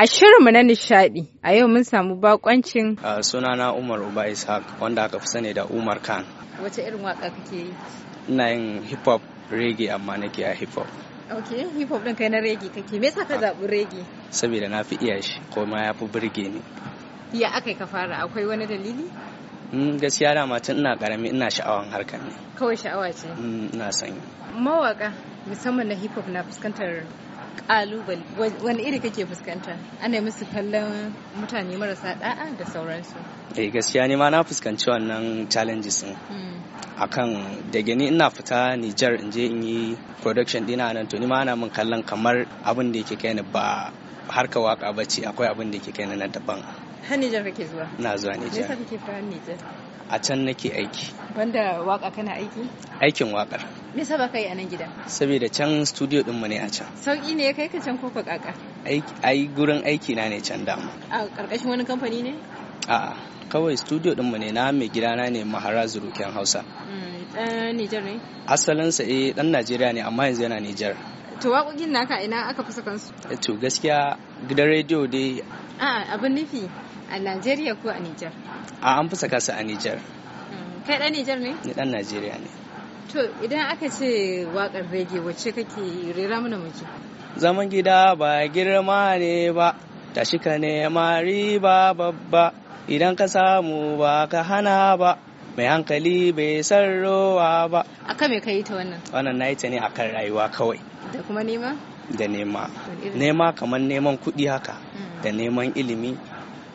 A shirinmu na nishadi a yau mun samu bakoncin Suna sunana Umar Uba Ishaq wanda aka fi sani da Umar Khan. Wace irin waka kake yi? Ina yin hip hop reggae amma nake a hip hop. Ok, hip hop din kai na reggae kake. Me yasa ka ah. zaɓi reggae? Saboda na fi iya shi ko ma ya fi birge ni. Ya aka ka fara akwai wani dalili? Mm, gaskiya da matan ina karami ina sha'awan harkar ne. Kawai sha'awa ce? Mm, ina son. Mawaka musamman na hip hop na fuskantar kalubale wani iri kake fuskanta ana musu kallon mutane marasa da'a da sauransu eh gaskiya ne ma na fuskanci wannan challenges din hmm. akan da gani ina fita Nijar in je in yi production dina nan to ni ma ana min kallon kamar abin da yake kai ni ba harka waka bace akwai abin da yake kai ni na daban Ha Nijar kake zuwa na zuwa Nijar yasa kake fara Nijar a can nake aiki wanda waka kana aiki aikin wakar me yasa baka yi a nan gida saboda can studio din mu ne a can sauki ne ya kai ka can ko ka kaka ai gurin aiki na ne can dama a karkashin wani kamfani ne a'a kawai studio din mu ne na mai gidana ne Mahara ruken hausa dan mm, Nijar ne asalinsa eh dan Najeriya ne amma yanzu yana Nijar to waƙoƙin naka ina aka fi kansu. Eh, to gaskiya gidan rediyo dai a'a abin nufi A Najeriya ko a Nijar? A an fi saka su a Nijar. Mm, kai ɗan Nijar ne? Ni ɗan Najeriya ne. To idan aka ce waƙar rege wacce kake rera mana muke? Zaman gida ba girma ne ba, shi ka nema riba babba, idan ka samu ba ka hana ba. mai hankali bai san ba. A kan me ka yi ta wannan? Wannan na yi ta ne akan rayuwa kawai. Da kuma nema? Da nema. Nema kamar neman kuɗi haka, mm. da neman ilimi,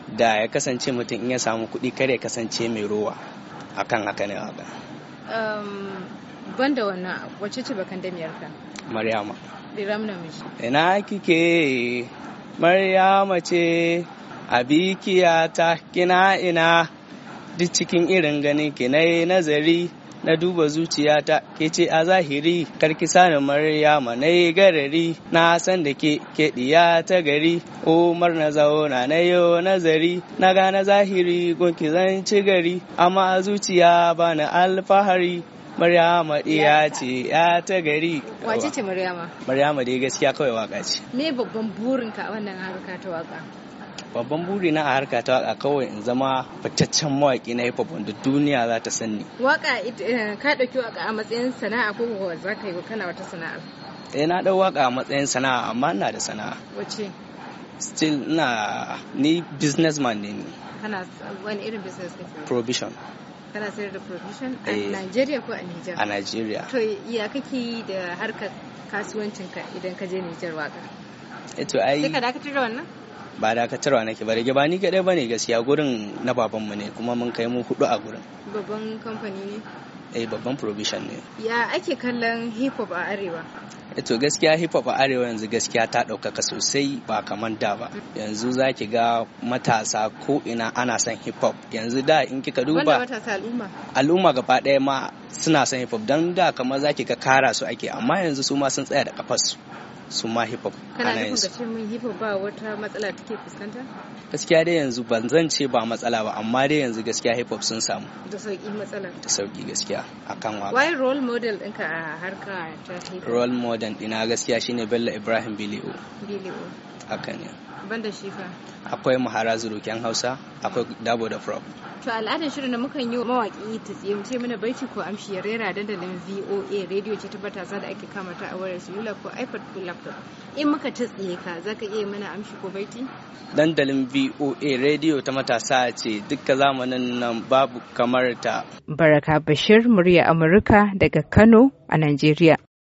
da ya kasance mutum in ya samu kuɗi kar ya kasance mai rowa akan haka ne haka um, banda wannan wacce ce bakan damiyar ka maryama na namiji ina kike maryama ce abikiya ta kina ina duk cikin irin ganin ki na nazari na duba zuciyata ke ce a zahiri karki sani maryama na yi garari na san da ke ke ta gari umar na zauna na yi nazari na gane zahiri gunki zan ci gari amma zuciya ba na alfahari Maryama ɗiya ce ya ta gari. Wace ce Maryama? Maryama dai gaskiya kawai waka ce. Me babban burinka a wannan haruka ta waka? babban buri na a harka ta waka kawai in zama fitaccen mawaki na hip hop wanda duniya za ta sani waka eh, ka dauki waka a matsayin sana'a ko ko za ka yi kana wata sana'a eh na dau waka a matsayin sana'a amma ina da sana'a wace still na ni businessman ne ni kana wani irin business kake provision kana sayar da provision a eh. Nigeria ko a Niger a Nigeria to ya kake yi da harkar kasuwancinka idan ka je Niger waka eh to ai sai ka dakatar da wannan ba dakatarwa nake ba rage ba ni kadai bane gaskiya gurin na babanmu ne kuma mun kai mu hudu a gurin babban kamfani ne eh babban provision ne ya ake kallon hip hop a arewa eh, to gaskiya hip hop a arewa yanzu gaskiya ta ɗaukaka sosai ba kamar da ba yanzu za ki ga matasa ko ina ana son hip hop yanzu da in kika duba matasa al'umma gaba ɗaya ma suna son hip hop don da kamar zaki ka kara su ake amma yanzu su ma sun tsaya da kafarsu su ma hip hop kana nufin da filmin hip hop ba wata matsala take fuskanta gaskiya dai yanzu ban zan ce ba matsala ba amma dai yanzu gaskiya hip hop sun samu da sauki matsala da sauki gaskiya akan waka why role model ɗinka a harka ta hip hop role model dina gaskiya shine Bello Ibrahim Bilio Bilio haka ne banda shi fa akwai mahara zuruken Hausa akwai dabo da prop to al'adar shirin da mukan yi mawaki ta tsiye mu ce mana baiti ko amshi rera dandalin VOA rediyo ce ta matasa da ake kama ta a wayar salula ko iPad ko laptop. In muka ta tsiye ka za ka iya mana amshi ko baiti? Dandalin VOA rediyo ta matasa ce duka zamanin nan babu kamar ta. Baraka Bashir murya Amurka daga Kano a Najeriya.